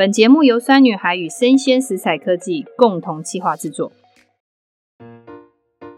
本節目由酸女孩與聲鮮時采科技共同企劃製作。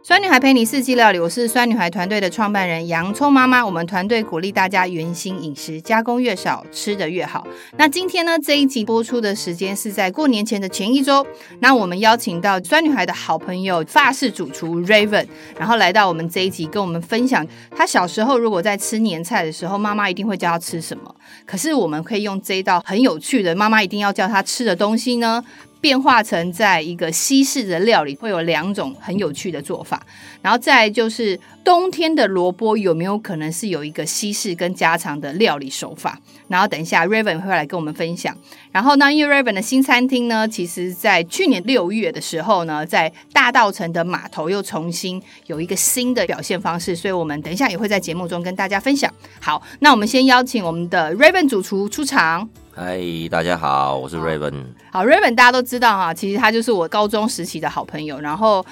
酸女孩陪你四季料理，我是酸女孩團隊的創辦人洋蔥媽媽。我們團隊鼓勵大家原型飲食，加工越少，吃得越好。那今天呢，這一集播出的時間是在過年前的前一周。那我們邀請到酸女孩的好朋友法式主廚 Raven，然後來到我們這一集，跟我們分享他小時候如果在吃年菜的時候，媽媽一定會叫他吃什麼。可是我們可以用這一道很有趣的，媽媽一定要叫他吃的東西呢？變化成在一個西式的料理，會有兩種很有趣的做法。然後再就是冬天的蘿蔔有沒有可能是有一個西式跟家常的料理手法？然後等一下 Raven 會來跟我們分享。然後呢，因為 Raven 的新餐廳呢，其實在去年六月的時候呢，在大稻埕的碼頭又重新有一個新的表現方式，所以我們等一下也會在節目中跟大家分享。好，那我們先邀請我們的 Raven 主廚出場。嗨，大家好，我是 Raven。好，好，Raven，大家都知道哈、啊，其實他就是我高中時期的好朋友。然後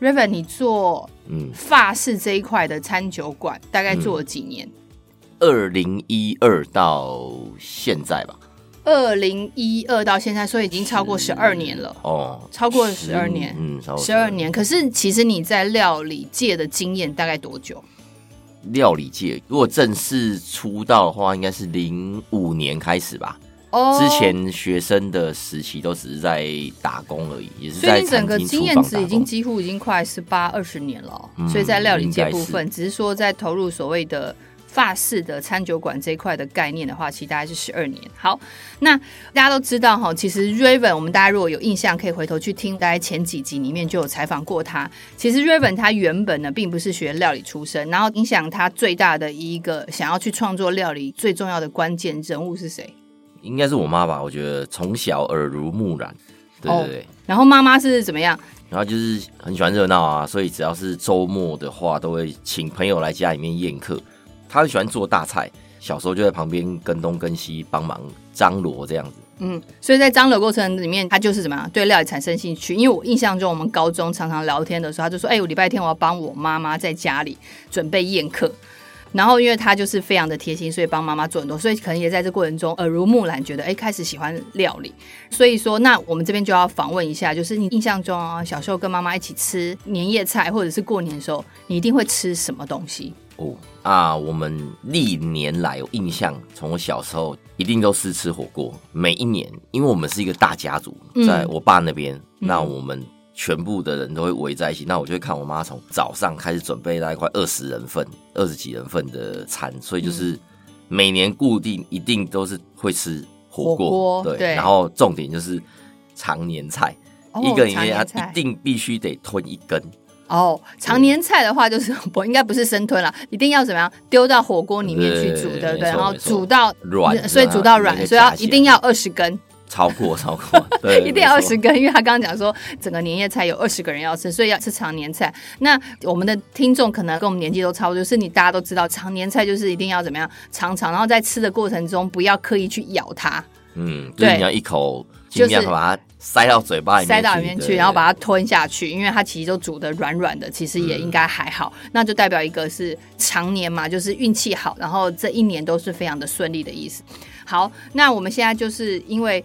，Raven，你做嗯法式這一塊的餐酒館，嗯、大概做了幾年？二零一二到現在吧。二零一二到現在，所以已經超過十二年了十哦，超過12年十二年，嗯，十二年。可是，其實你在料理界的經驗大概多久？料理界，如果正式出道的話，應該是零五年開始吧。哦、oh,，之前學生的時期都只是在打工而已，也是在。所以整個經驗值已經幾乎已經快十八、二十年了、哦嗯，所以在料理界部分，是只是說在投入所謂的。法式的餐酒館這一塊的概念的話，其實大概是十二年。好，那大家都知道哈，其實 Raven，我們大家如果有印象，可以回頭去聽，大概前幾集裡面就有採訪過他。其實 Raven 他原本呢，並不是學料理出身，然後影響他最大的一個想要去創作料理最重要的關鍵人物是誰？應該是我媽吧，我覺得從小耳濡目染，對對對，對，哦。然後媽媽是怎麼樣？然後就是很喜歡熱鬧啊，所以只要是週末的話，都會請朋友來家裡面宴客。他很喜歡做大菜，小時候就在旁邊跟東跟西幫忙張羅這樣子。嗯，所以在張羅過程裡面，他就是什麼？對料理產生興趣。因為我印象中，我們高中常常聊天的時候，他就說：“哎、欸，我禮拜天我要幫我媽媽在家裡準備宴客。”然後，因為他就是非常的貼心，所以幫媽媽做很多，所以可能也在這過程中耳濡目染，覺得哎、欸、開始喜歡料理。所以說，那我們這邊就要訪問一下，就是你印象中、啊、小時候跟媽媽一起吃年夜菜，或者是過年的時候，你一定會吃什麼東西？哦、啊！我們歷年來有印象，從我小時候一定都是吃火鍋。每一年，因為我們是一個大家族，在我爸那邊，嗯、那我們全部的人都會圍在一起、嗯。那我就會看我媽從早上開始準備那一塊二十人份、二十幾人份的餐，所以就是每年固定一定都是會吃火鍋。火鍋對，對，然後重點就是長年菜，哦，一個人家一定必須得吞一根。哦、oh，長年菜的話就是不應該不是生吞啦，一定要怎麼樣？丟到火鍋裡面去煮的，對，對，不對，然後煮到軟，所以煮到軟，啊、所以要一定要二十根、嗯，超過超過，對， 一定要二十根，因為他剛剛講說整個年夜菜有二十個人要吃，所以要吃長年菜。那我們的聽眾可能跟我們年紀都差不多，就是你大家都知道長年菜就是一定要怎麼樣長長然後在吃的過程中不要刻意去咬它，嗯，對，就是、你要一口就是把它。塞到嘴巴裡面，塞到裡面去，然後把它吞下去，因為它其實都煮得軟軟的，其實也應該還好，嗯。那就代表一個是長年嘛，就是運氣好，然後這一年都是非常的順利的意思。好，那我們現在就是因為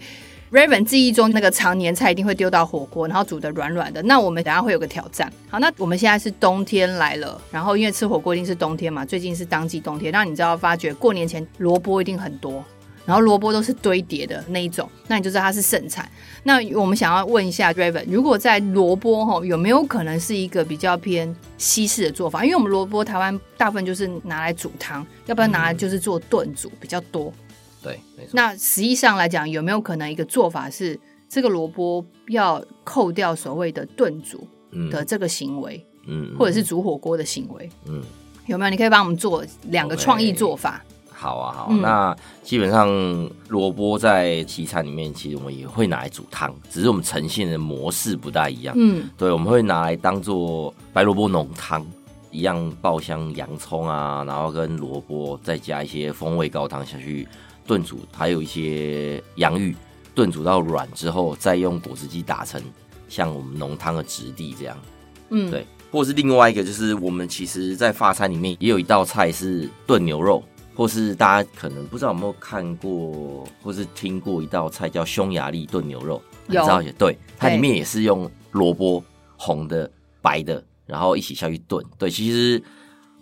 Raven 記憶中那個長年菜一定會丟到火鍋，然後煮得軟軟的。那我們等下會有個挑戰。好，那我們現在是冬天來了，然後因為吃火鍋一定是冬天嘛，最近是當季冬天。那你知道發覺過年前蘿蔔一定很多。然後蘿蔔都是堆疊的那一種，那你就知道它是盛產。那我們想要問一下 Raven，如果在蘿蔔吼，有沒有可能是一個比較偏西式的做法？因為我們蘿蔔台灣大部分就是拿來煮湯，要不然拿來就是做燉煮比較多。對，沒錯。那實際上來講，有沒有可能一個做法是這個蘿蔔要扣掉所謂的燉煮的這個行為，嗯嗯？嗯，或者是煮火鍋的行為？嗯，有沒有？你可以幫我們做兩個創意做法。Okay. 好啊，好。嗯、那基本上蘿蔔在西餐裡面，其實我們也會拿來煮湯，只是我們呈現的模式不大一樣。嗯，對，我們會拿來當做白蘿蔔濃湯一樣，爆香洋蔥啊，然後跟蘿蔔再加一些風味高湯下去燉煮，還有一些洋芋燉煮到軟之後，再用果汁機打成像我們濃湯的質地這樣。嗯，對。或是另外一個，就是我們其實，在法餐裡面也有一道菜是燉牛肉。或是大家可能不知道有沒有看過，或是聽過一道菜叫匈牙利燉牛肉。有，你知道？也對，它裡面也是用蘿蔔，紅的、白的，然後一起下去燉。對，其實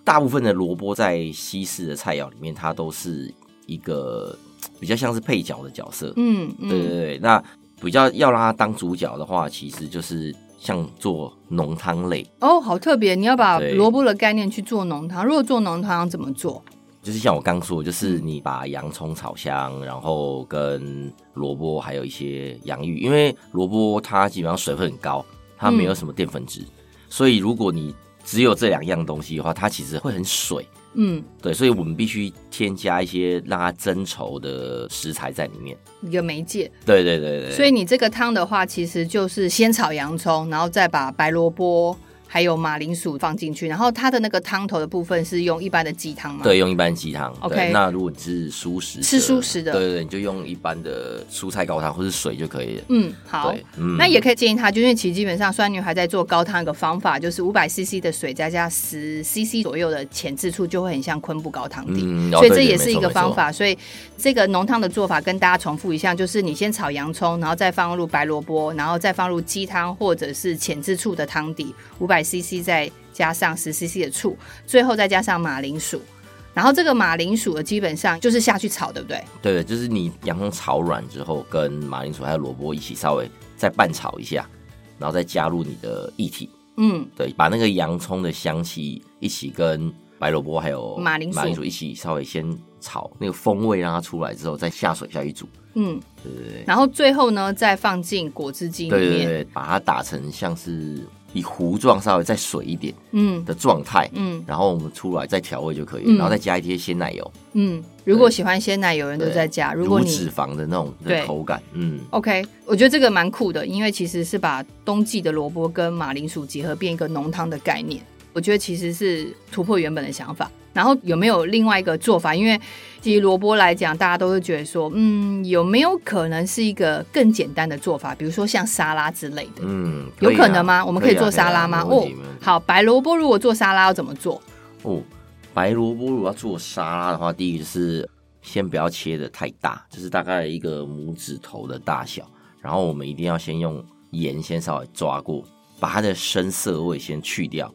大部分的蘿蔔在西式的菜餚裡面，它都是一個比較像是配角的角色。嗯嗯，對對對。那比較要讓它當主角的話，其實就是像做濃湯類。哦，好特別！你要把蘿蔔的概念去做濃湯。如果做濃湯，要怎麼做？就是像我剛說，就是你把洋蔥炒香，然後跟蘿蔔還有一些洋芋，因為蘿蔔它基本上水分很高，它沒有什麼澱粉質。嗯，所以如果你只有這兩樣東西的話，它其實會很水。嗯，對，所以我們必須添加一些讓它增稠的食材在裡面，一個媒介。對對對對。所以你這個湯的話，其實就是先炒洋蔥，然後再把白蘿蔔，還有馬鈴薯放進去，然後它的那個湯頭的部分是用一般的雞湯嘛？對，用一般雞湯。OK，那如果你是素食，吃素食的，對對，對你就用一般的蔬菜高湯或是水就可以了。嗯，好。那也可以建議他，就是，因為其實基本上，酸女孩在做高湯一個方法，就是五百 CC 的水再加加十 CC 左右的淺制醋，就會很像昆布高湯底，嗯哦。所以這也是一個方法。對對對，所以這個濃湯的做法跟大家重複一下，就是你先炒洋蔥，然後再放入白蘿蔔，然後再放入雞湯或者是淺制醋的湯底五百。500 cc 再加上十 cc 的醋,最後再加上馬鈴薯，然後這個馬鈴薯的基本上就是下去炒，對不對？對，就是你洋蔥炒軟之後，跟馬鈴薯還有蘿蔔一起稍微再拌炒一下，然後再加入你的液體，嗯，對，把那個洋蔥的香氣一起跟白蘿蔔還有馬鈴薯馬鈴薯一起稍微先炒，那個風味讓它出來之後，再下水下去煮，嗯，對。然後最後呢，再放進果汁機裡面，對對對，把它打成像是。以糊狀，稍微再水一點，嗯，的狀態，嗯，然後我們出來再調味就可以，嗯，然後再加一些鮮奶油，嗯，如果喜歡鮮奶油，人都在加，如果如脂肪的那種的口感，對，嗯，OK，我覺得這個蠻酷的，因為其實是把冬季的蘿蔔跟馬鈴薯結合，變一個濃湯的概念，我覺得其實是突破原本的想法。然後有沒有另外一個做法？因為其實蘿蔔來講，大家都會覺得說，嗯，有沒有可能是一個更簡單的做法？比如說像沙拉之類的，嗯，可啊、有可能嗎？我們可以做沙拉嗎、啊啊？哦，好，白蘿蔔如果做沙拉要怎麼做？哦，白蘿蔔如果要做沙拉的話，第一就是先不要切得太大，就是大概一個拇指頭的大小。然後我們一定要先用鹽先稍微抓過，把它的生澀味先去掉。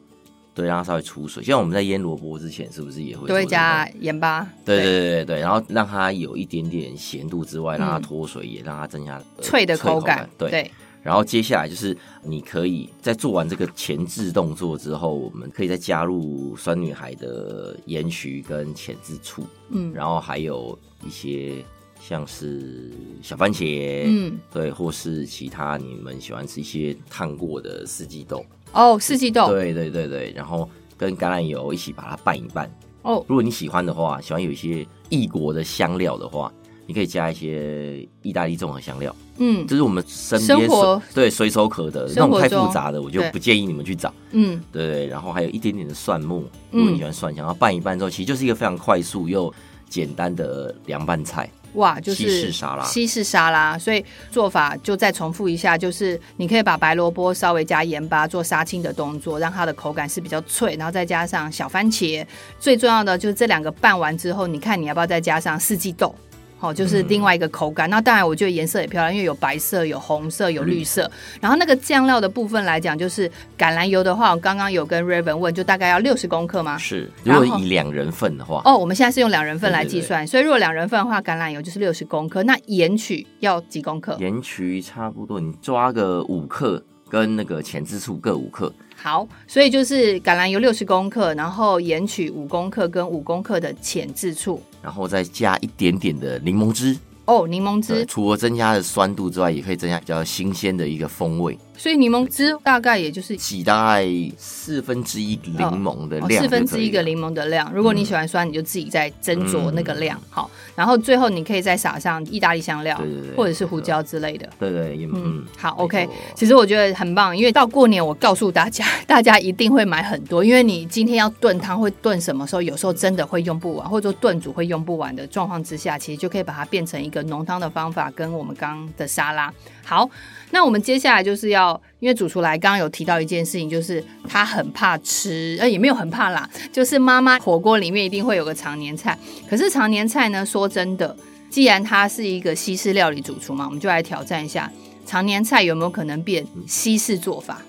對，讓它稍微出水。像我們在醃蘿蔔之前，是不是也會多加鹽巴？對對對對，對，然後讓它有一點點鹹度之外，讓它脫水，也讓它增加、嗯呃、脆的口感，口感，對。對，然後接下來就是，你可以在做完這個前置動作之後，我們可以再加入酸女孩的鹽曲跟前置醋，嗯，然後還有一些。像是小番茄，嗯，對，或是其他你們喜歡吃一些燙過的四季豆哦，四季豆，對對對對，對，然後跟橄欖油一起把它拌一拌哦。如果你喜歡的話，喜歡有一些異國的香料的話，你可以加一些意大利綜合香料，嗯，這、就是我們身邊生活，對，隨手可得。那種太複雜的，我就不建議你們去找，嗯，對。然後還有一點點的蒜末，如果你喜歡蒜香，然、嗯、後拌一拌之後，其實就是一個非常快速又簡單的涼拌菜。哇，就是西式沙拉，西式沙拉，所以做法就再重複一下，就是你可以把白蘿蔔稍微加鹽巴做殺青的動作，讓它的口感是比較脆，然後再加上小番茄，最重要的就是這兩個拌完之後，你看你要不要再加上四季豆。好、哦，就是另外一個口感。嗯、那當然，我覺得顏色也漂亮，因為有白色、有紅色、有綠色。綠。然後那個醬料的部分來講，就是橄欖油的話，我剛剛有跟 Raven 問，就大概要六十公克嗎？是，如果以兩人份的話。哦，我們現在是用兩人份來計算，對對對，所以如果兩人份的話，橄欖油就是六十公克。那鹽曲要幾公克？鹽曲差不多，你抓個五克，跟那個前置醋各五克。好，所以就是橄欖油六十公克，然後鹽取五公克跟五公克的淺漬醋，然後再加一點點的檸檬汁。哦，檸檬汁，呃，除了增加的酸度之外，也可以增加比較新鮮的一個風味。所以檸檬汁大概也就是擠大概四分之一檸檬的量、哦哦，四分之一個檸檬的量。如果你喜歡酸、嗯，你就自己再斟酌那個量，好。然後最後你可以再撒上意大利香料，對對對，或者是胡椒之類的，對對,對，嗯，好，OK。其實我覺得很棒，因為到過年我告訴大家，大家一定會買很多，因為你今天要燉湯會燉什麼時候？有時候真的會用不完，或者說燉煮會用不完的狀況之下，其實就可以把它變成一個濃湯的方法，跟我們剛剛的沙拉。好，那我們接下來就是要。因為主廚剛剛有提到一件事情，就是他很怕吃，呃、欸，也沒有很怕啦，就是媽媽火鍋裡面一定會有個長年菜。可是長年菜呢，說真的，既然他是一個西式料理主廚嘛，我們就來挑戰一下長年菜有沒有可能變西式做法？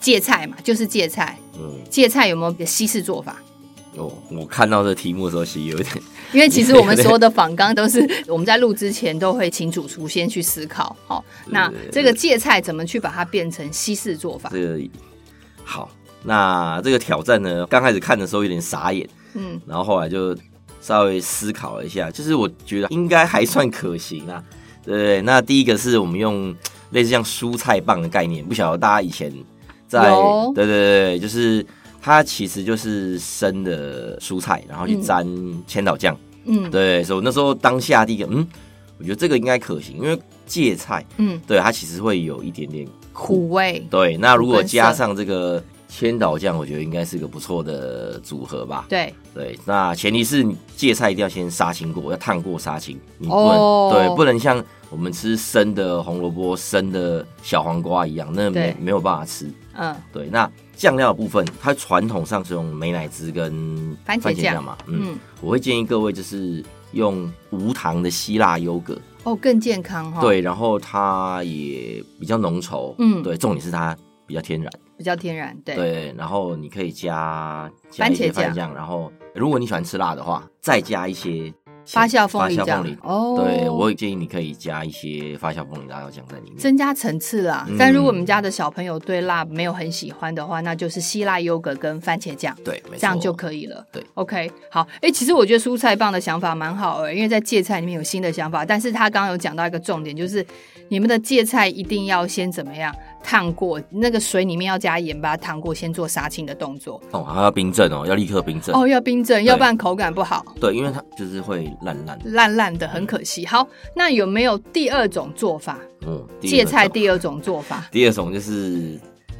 芥菜嘛，就是芥菜，芥菜有沒有變西式做法？哦，我看到的題目其實是有點。 因為其實我們所有的訪綱，都是我們在錄之前都會請主廚先去思考，好，那這個芥菜怎麼去把它變成西式做法？這個好，那這個挑戰呢，剛開始看的時候有點傻眼。嗯，然後後來就稍微思考了一下，就是我覺得應該還算可行啊，對，那第一個是我們用類似像蔬菜棒的概念，不曉得大家以前在，對對對，就是。它其實就是生的蔬菜，然後去沾千島醬。嗯，對，所以那時候當下第一個，嗯，我覺得這個應該可行，因為芥菜，嗯，對，它其實會有一點點苦，苦味。對，那如果加上這個千島醬，我覺得應該是一個不錯的組合吧。對，對，那前提是芥菜一定要先殺青過，要燙過殺青，你不能、哦、對，不能像。我們吃生的紅蘿蔔、生的小黃瓜一樣，那沒沒有辦法吃。嗯，對。那醬料的部分，它傳統上是用美乃滋跟番茄醬嘛，番茄醬嗯。嗯，我會建議各位就是用無糖的希臘優格，哦，更健康哈、哦。對，然後它也比較濃稠。嗯，對，重點是它比較天然，比較天然。對，對。然後你可以加，加番茄醬，然後如果你喜歡吃辣的話，再加一些。發酵鳳梨醬哦，對我也建議你可以加一些發酵鳳梨辣椒醬在裡面，增加層次啦。嗯、但如果我們家的小朋友對辣沒有很喜歡的話，那就是希臘優格跟番茄醬，對，沒錯，這樣就可以了。對，OK，好，哎，其實我覺得蔬菜棒的想法蠻好誒，因為在芥菜裡面有新的想法，但是他剛剛有講到一個重點，就是你們的芥菜一定要先怎麼樣？燙過，那個水裡面要加鹽，把它燙過，先做殺青的動作。哦，還要冰鎮哦，要立刻冰鎮。哦，要冰鎮，要不然口感不好。對，因為它就是會爛爛爛爛的，很可惜、嗯。好，那有沒有第二種做法？嗯，芥菜第二種做法，第二種就是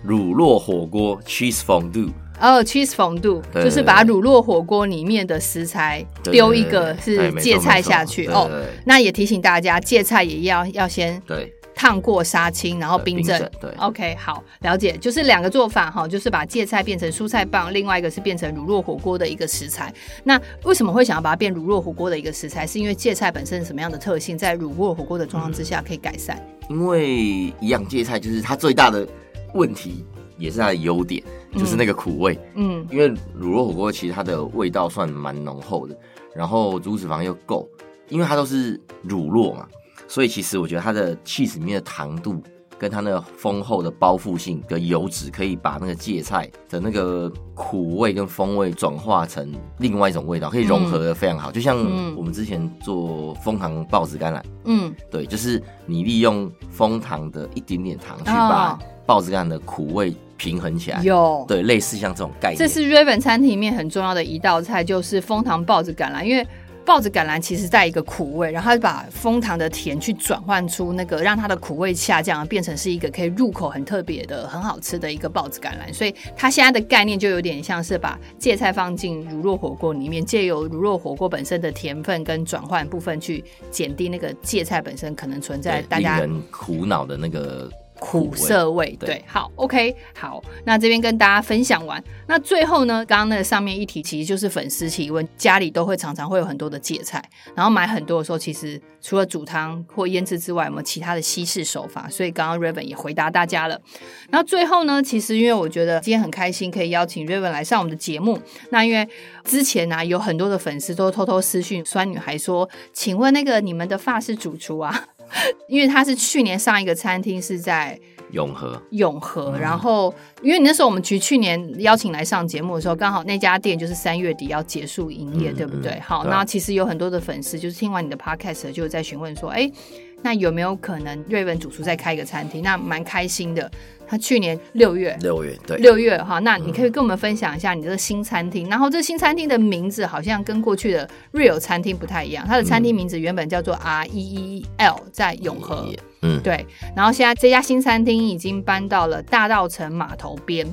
乳酪火鍋 （cheese fondue）。哦，cheese fondue，對對對對，就是把乳酪火鍋裡面的食材丟一個是芥菜下去對對對對。哦，那也提醒大家，芥菜也要要先對，對，對，對。燙過、殺青，然後冰鎮。對，冰鎮，對，OK，好，了解，就是兩個做法哈，就是把芥菜變成蔬菜棒，另外一個是變成乳酪火鍋的一個食材。那為什麼會想要把它變乳酪火鍋的一個食材？是因為芥菜本身什麼樣的特性，在乳酪火鍋的狀況之下可以改善？嗯、因為一樣芥菜，就是它最大的問題也是它的優點，就是那個苦味。嗯，嗯因為乳酪火鍋其實它的味道算蠻濃厚的，然後乳脂肪又夠，因為它都是乳酪嘛。所以其實我覺得它的起司裡面的糖度，跟它那個豐厚的包覆性跟油脂，可以把那個芥菜的那個苦味跟風味轉化成另外一種味道，可以融合的非常好，嗯。就像我們之前做楓糖孢子甘藍，嗯，對，就是你利用楓糖的一點點糖去把孢子甘藍的苦味平衡起來。有、哦，對，類似像這種概念。這是 Raven 餐廳裡面很重要的一道菜，就是楓糖孢子甘藍，因為。豹子橄欖其實帶一個苦味，然後把楓糖的甜去轉換出那個讓它的苦味下降，變成是一個可以入口很特別的、很好吃的一個豹子橄欖。所以它現在的概念就有點像是把芥菜放進乳酪火鍋裡面，借由乳酪火鍋本身的甜分跟轉換部分去減低那個芥菜本身可能存在大家苦惱的那個。苦澀味對，對，好，OK，好，那這邊跟大家分享完，那最後呢，剛剛那個上面一提其實就是粉絲提問，家裡都會常常會有很多的芥菜，然後買很多的時候，其實除了煮湯或醃製之外，有沒有其他的西式手法？所以剛剛 Raven 也回答大家了。那最後呢，其實因為我覺得今天很開心可以邀請 Raven 來上我們的節目，那因為之前呢、啊、有很多的粉絲都偷偷私訊酸女孩說，請問那個你們的法式主廚啊？ 因為他是去年上一個餐廳是在永和，永和。然後，因為你那時候我們去去年邀請來上節目的時候，剛好那家店就是三月底要結束營業，嗯，對不對？嗯、好，那、啊、其實有很多的粉絲就是聽完你的 podcast 就在詢問說，哎、欸。那有沒有可能瑞文主廚再開一個餐廳？那蠻開心的。他去年六月，六月對，六月哈。那你可以跟我們分享一下你這個新餐廳。嗯。然後這新餐廳的名字好像跟過去的 Réel 餐廳不太一樣。它的餐廳名字原本叫做 R E E L，在永和，嗯，對。然後現在這家新餐廳已經搬到了大稻埕碼頭邊。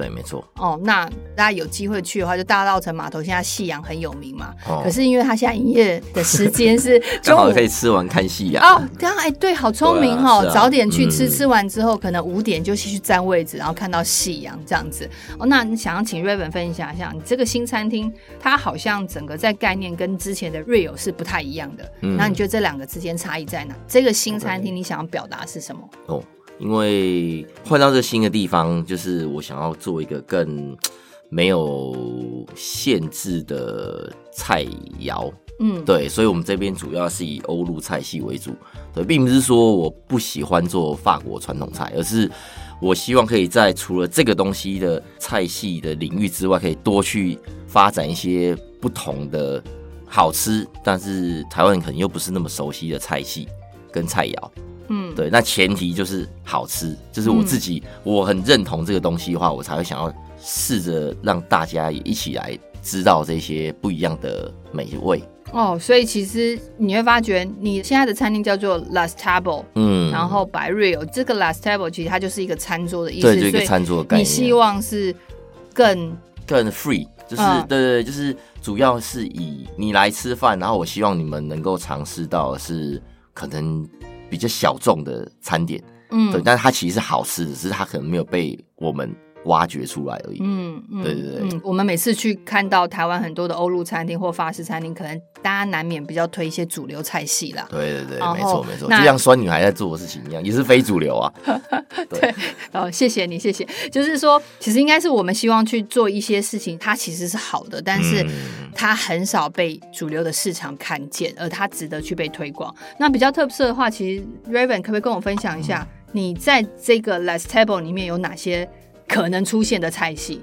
對，沒錯。哦，那大家有機會去的話，就大稻埕碼頭現在夕陽很有名嘛、哦。可是因為他現在營業的時間是中午， 剛好可以吃完看夕陽。哦、欸對，對啊，哎、哦，對，好聰明哦。早點去吃，嗯、吃完之後可能五點就繼續佔位置，然後看到夕陽這樣子。哦，那你想要請 Raven 分享一下，你這個新餐廳它好像整個在概念跟之前的 Réel 是不太一樣的。嗯。那你覺得這兩個之間差異在哪？這個新餐廳你想要表達是什麼？哦。因為換到這新的地方，就是我想要做一個更沒有限制的菜餚，嗯，對，所以我們這邊主要是以歐陸菜系為主，對，並不是說我不喜歡做法國傳統菜，而是我希望可以在除了這個東西的菜系的領域之外，可以多去發展一些不同的好吃，但是台灣人可能又不是那麼熟悉的菜系跟菜餚。對，那前提就是好吃，就是我自己、嗯、我很認同這個東西的話，我才會想要試着讓大家也一起來知道這些不一樣的美味哦。所以其實你會發覺，你現在的餐廳叫做 Les Tables，嗯，然後 par RéeL，這個 Les Tables 其實它就是一個餐桌的意思，對，一個餐桌的概念。你希望是更更 free，就是對、啊、對，就是主要是以你來吃飯，然後我希望你們能夠嘗試到是可能。比較小眾的餐點，嗯，對，但它其實是好吃的，只是它可能沒有被我們。挖掘出來而已。嗯，嗯，對對對、嗯。我們每次去看到台灣很多的歐陸餐廳或法式餐廳，可能大家難免比較推一些主流菜系啦。對對對，沒錯沒錯，就像酸女孩在做的事情一樣，也是非主流啊。 對，對哦，謝謝你，謝謝。就是說，其實應該是我們希望去做一些事情，它其實是好的，但是、嗯、它很少被主流的市場看見，而它值得去被推廣。那比較特色的話，其實 Raven 可不可以跟我分享一下，嗯、你在這個 Les Tables 裡面有哪些？可能出現的菜系，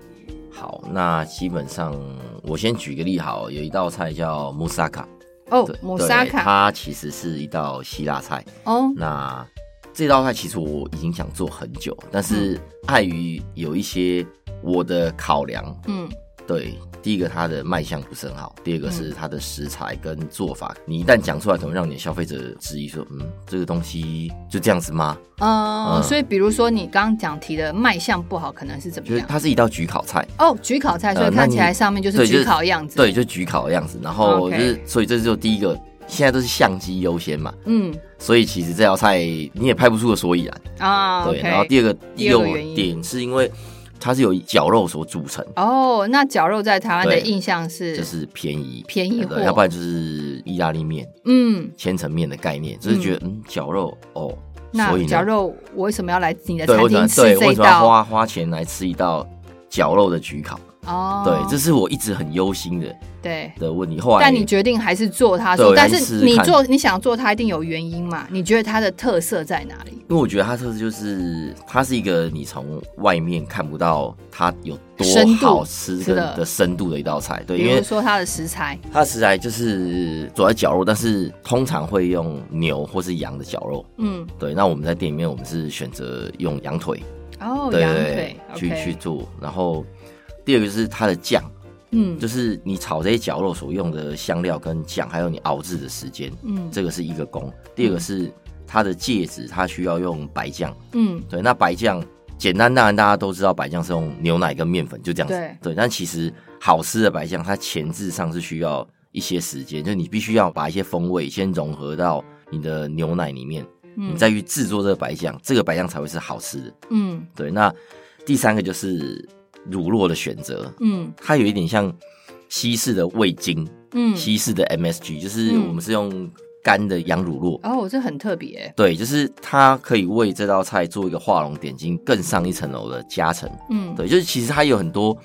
好，那基本上我先舉個例，好，有一道菜叫莫薩卡，哦，莫薩卡，它其實是一道希臘菜，哦、oh.，那這道菜其實我已經想做很久，但是、嗯、礙於有一些我的考量，嗯。對，第一個它的賣相不是很好，第二個是它的食材跟做法，嗯、你一旦講出來，可能讓你的消費者質疑說，嗯，這個東西就這樣子嗎？嗯，嗯，所以比如說你剛剛講提的賣相不好，可能是怎麼樣？就是、它是一道焗烤菜哦，焗烤菜，所以看起來上面就是焗烤的樣子，呃、對，對，就焗烤的樣子，然後、okay. 就是，所以這就第一個，現在都是相機優先嘛，嗯，所以其實這道菜你也拍不出個所以然啊。對、okay，然後第二個，第二個原因是因為。它是由絞肉所組成。哦、oh，那絞肉在台灣的印象是，就是便宜，便宜，要不然就是意大利麵。嗯，千層麵的概念，就是覺得嗯，嗯、絞肉哦，那絞肉我為什麼要來你的餐廳吃這一道？花花錢來吃一道絞肉的焗烤。哦、oh，對，這是我一直很憂心的，對的問題。後來，但你決定還是做它，做，但是你做試試你想做它一定有原因嘛？你覺得它的特色在哪裡？因為我覺得它的特色就是它是一個你從外面看不到它有多好吃的深度的，深度的一道菜，對，因為說它的食材，它的食材就是，是主要絞肉，但是通常會用牛或是羊的絞肉，嗯，對。那我們在店裡面，我們是選擇用羊腿，哦、oh，羊腿、okay、去去做，然後。第二個是它的醬，嗯，就是你炒這些絞肉所用的香料跟醬，還有你熬製的時間，嗯，這個是一個工。第二個是它的戒指，它需要用白醬，嗯，對。那白醬簡單，當然大家都知道，白醬是用牛奶跟麵粉就這樣子，對，對。但其實好吃的白醬，它前置上是需要一些時間，就你必須要把一些風味先融合到你的牛奶裡面，嗯，你再去製作這個白醬，這個白醬才會是好吃的，嗯，對。那第三個就是。乳酪的選擇，嗯，它有一點像西式的味精，嗯，西式的 MSG，就是我們是用乾的羊乳酪，哦，這很特別欸，對，就是它可以為這道菜做一個畫龍點睛、更上一層樓的加成，嗯，對，就是其實它有很多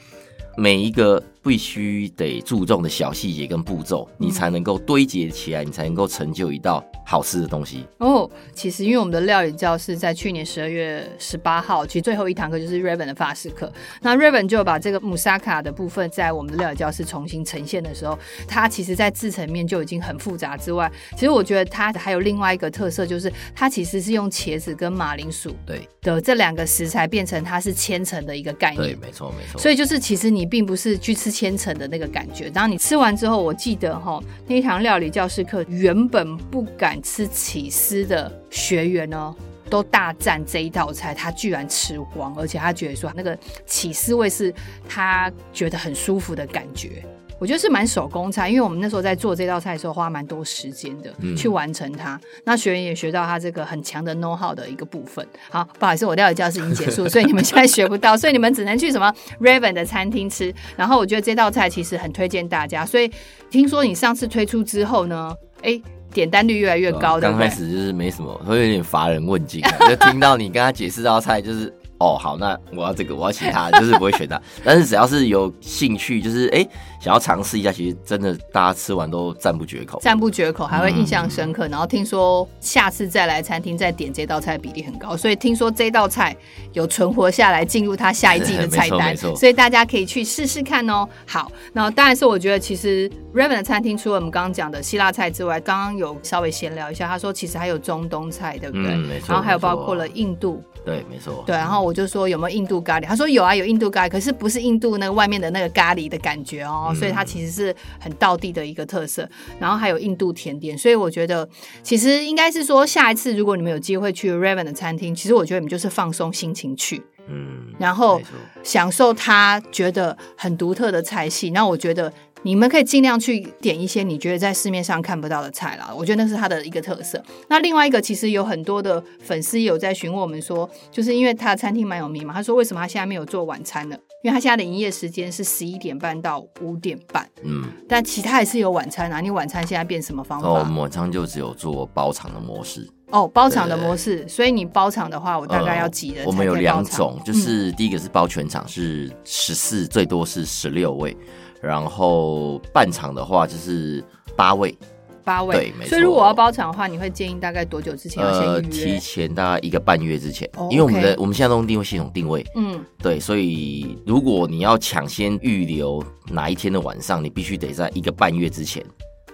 每一個。必須得注重的小細節跟步驟，你才能夠堆疊起來，你才能夠成就一道好吃的東西。哦、oh，其實因為我們的料理教室在去年十二月十八號，其實最後一堂課就是 Raven 的法式課。那 Raven 就把這個穆薩卡的部分在我們的料理教室重新呈現的時候，它其實在製程面就已經很複雜之外，其實我覺得它還有另外一個特色，就是它其實是用茄子跟馬鈴薯對的這兩個食材變成它是千層的一個概念。對，沒錯沒錯。所以就是其實你並不是去吃。千層的那個感覺，當你吃完之後，我記得吼，那一堂料理教室課原本不敢吃起司的學員呢，都大讚這一道菜，他居然吃光，而且他覺得說那個起司味是他覺得很舒服的感覺。我覺得是蠻手工菜，因為我們那時候在做這道菜的時候花蠻多時間的，嗯，去完成它。那學員也學到他這個很強的 know how 的一個部分。好，不好意思，我料理教室已經結束， 所以你們現在學不到，所以你們只能去什麼 Raven 的餐廳吃。然後我覺得這道菜其實很推薦大家。所以聽說你上次推出之後呢，哎，欸，點單率越來越高。剛、哦、開始就是沒什麼，嗯，會有點乏人問津、啊。 就聽到你跟他解釋這道菜，就是哦，好，那我要這個，我要其他，就是不會選它。 但是只要是有興趣，就是哎。欸想要嘗試一下，其實真的大家吃完都讚不絕口，讚不絕口，還會印象深刻。嗯、然後聽說下次再來餐廳再點這道菜比例很高，所以聽說這道菜有存活下來進入他下一季的菜單，哎、所以大家可以去試試看哦、喔。好，那當然是我覺得其實 Raven 的餐廳除了我們剛剛講的希臘菜之外，剛剛有稍微閒聊一下，他說其實還有中東菜，對不對？嗯、沒錯。然後還有包括了印度，啊、對，沒錯。對，然後我就說有沒有印度咖喱，他說有啊，有印度咖喱，可是不是印度那個外面的那個咖喱的感覺哦、喔。所以它其實是很道地的一個特色，然後還有印度甜點。所以我覺得，其實應該是說，下一次如果你們有機會去 Raven 的餐廳，其實我覺得你們就是放鬆心情去，嗯，然後享受他覺得很獨特的菜系。那我覺得。你們可以盡量去點一些你覺得在市面上看不到的菜了，我覺得那是它的一個特色。那另外一個，其實有很多的粉絲有在詢問我們說，就是因為他的餐廳蠻有名嘛，他說為什麼他現在沒有做晚餐了？因為他現在的營業時間是十一點半到五點半，嗯，但其他也是有晚餐啊。你晚餐現在變什麼方法？哦，我們晚餐就只有做包場的模式。哦，包場的模式，所以你包場的話，我大概要幾人，嗯？我們有兩種，嗯，就是第一個是包全場，是十四，最多是十六位。然後半場的話就是八位，八位對，沒錯。所以如果要包場的話，你會建議大概多久之前要先預約？呃，提前大概一個半月之前，哦、因為我們的、哦 okay、我們現在都用定位系統定位，嗯，對。所以如果你要搶先預留哪一天的晚上，你必須得在一個半月之前，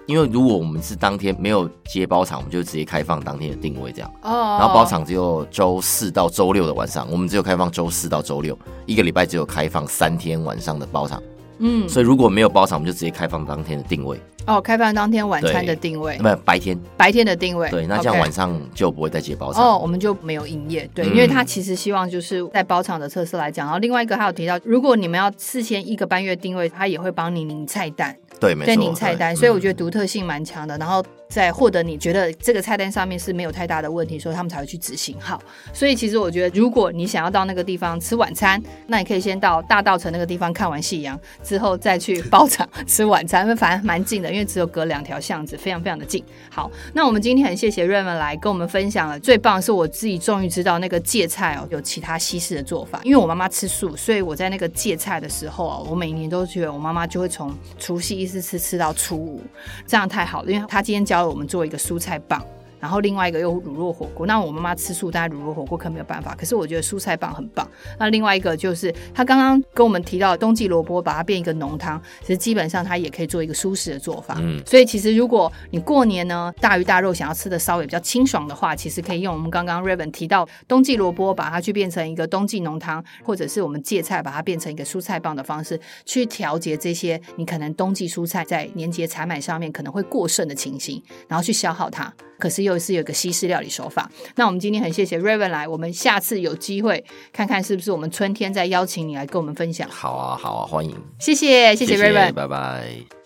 因為如果我們是當天沒有接包場，我們就直接開放當天的定位，這樣哦。然後包場只有周四到周六的晚上，我們只有開放周四到周六，一個禮拜只有開放三天晚上的包場。嗯，所以如果沒有包場，我們就直接開放當天的訂位。哦，開放當天晚餐的定位，沒有，白天白天的定位。對，那這樣，okay. 晚上就不會再接包場哦，我們就沒有營業。對，嗯，因為他其實希望就是在包場的測試來講。然後另外一個還有提到，如果你們要事先一個半月定位，他也會幫你領菜單。對，沒錯。先領菜單，哎，所以我覺得獨特性蠻強的，嗯。然後再獲得你覺得這個菜單上面是沒有太大的問題，所以他們才會去執行。好，所以其實我覺得，如果你想要到那個地方吃晚餐，那你可以先到大稻埕那個地方看完夕陽之後再去包場 吃晚餐，因為反正蠻近的。因為只有隔兩條巷子，非常非常的近。好，那我們今天很謝謝 Raven 來跟我們分享了。最棒的是我自己終於知道那個芥菜哦，有其他西式的做法。因為我媽媽吃素，所以我在那個芥菜的時候啊、哦，我每年都覺得我媽媽就會從除夕一直吃吃到初五，這樣太好了，因為她今天教了我們做一個蔬菜棒。然後另外一個又滷肉火鍋，那我媽媽吃素，大家滷肉火鍋可沒有辦法。可是我覺得蔬菜棒很棒。那另外一個就是他剛剛跟我們提到的冬季蘿蔔，把它變一個濃湯，其實基本上它也可以做一個舒適的做法。嗯。所以其實如果你過年呢，大魚大肉想要吃的稍微比較清爽的話，其實可以用我們剛剛 Raven 提到冬季蘿蔔，把它去變成一個冬季濃湯，或者是我們芥菜把它變成一個蔬菜棒的方式，去調節這些你可能冬季蔬菜在年節採買上面可能會過剩的情形，然後去消耗它。可是又就是有個西式料理手法。那我們今天很謝謝 Raven 來，我們下次有機會看看是不是我們春天再邀請你來跟我們分享。好啊，好啊，歡迎，謝謝，謝謝 Raven，謝謝，拜拜。